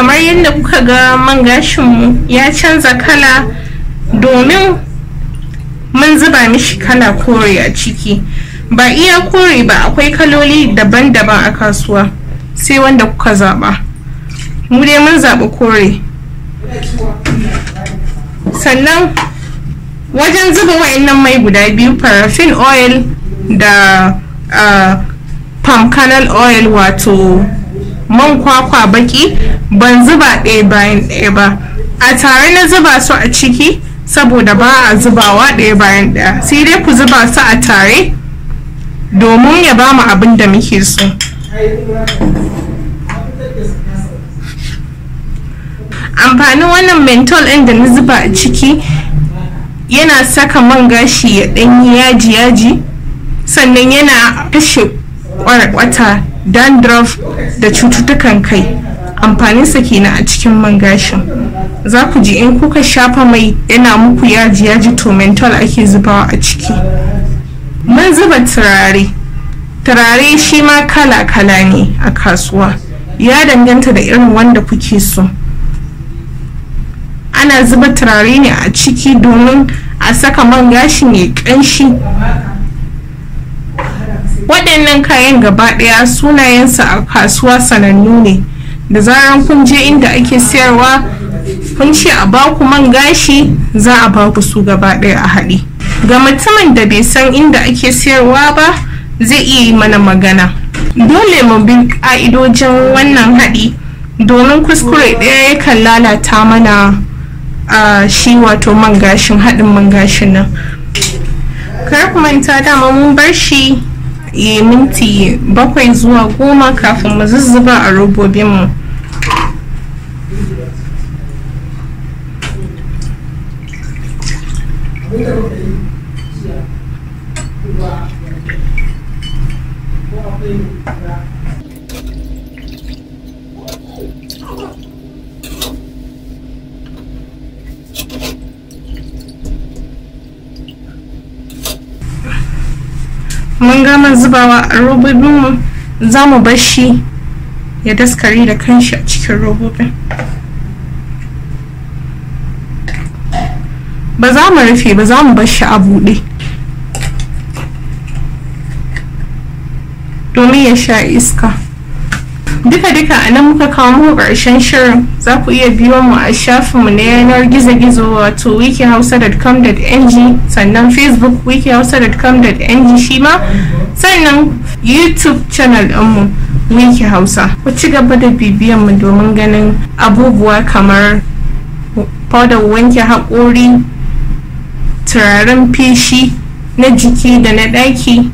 kamar yadda kuka ga man gashinmu ya canza kala domin mun zuba mishi kala kore a ciki ba iya kore ba akwai kaloli daban-daban a kasuwa sai wanda kuka zaɓa mu dai mun zaɓi kore sannan wajen zuba wa'annan mai guda biyu paraffin oil da uh, palm kernel oil wato man kwakwa baki ban zuba ɗaya bayan ɗaya ba a tare na zuba su a ciki saboda ba a zubawa ɗaya bayan ɗaya sai dai ku zuba su a tare domin ya ba mu abin da muke so amfanin wannan mentol ɗin da na zuba a ciki yana saka man gashi ya ɗanyi yaji yaji sannan yana kashe kwarkwata dandruff da cututtukan kai amfaninsa kenan a cikin man gashin za ku ji in kuka shafa mai yana muku yaji yaji to mental ake zubawa a ciki man zuba turare turare shi ma kala kala ne a kasuwa ya danganta da irin wanda kuke so ana zuba turare ne a ciki domin a saka man gashin ya kanshi waɗannan kayan gaba ɗaya sunayensa a kasuwa sanannu ne da zarar kun je inda ake sayarwa kun ce a baku man gashi za a baku su gaba ɗaya a haɗe ga mutumin da bai san inda ake sayarwa ba zai iya yi mana magana dole mu bi ƙa'idojin wannan haɗi domin kuskure ɗaya yakan lalata mana a shi wato man gashin haɗin man gashin nan kar ku manta dama mun bar shi yi minti bakwai zuwa goma kafin mu a robobinmu Thank mun gama zubawa a robobinmu za mu bar shi ya daskare da kanshi a cikin robobin ba za mu rufe ba za mu bar shi a buɗe domin ya sha iska duka-duka a nan muka kawo mu ƙarshen shirin za ku iya biyo mu a shafin mu na yanar gizo-gizo wato wikihausa.com.ng sannan facebook wikihausa.com.ng shi ma sannan youtube channel ɗinmu wiki hausa ku ci gaba da bibiyan mu domin ganin abubuwa kamar fadar wanke haƙori turaren feshi na jiki da na ɗaki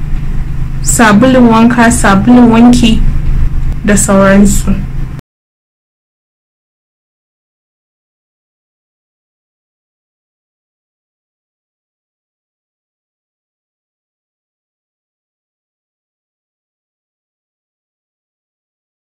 sabulun wanka sabulun wanki dessa live.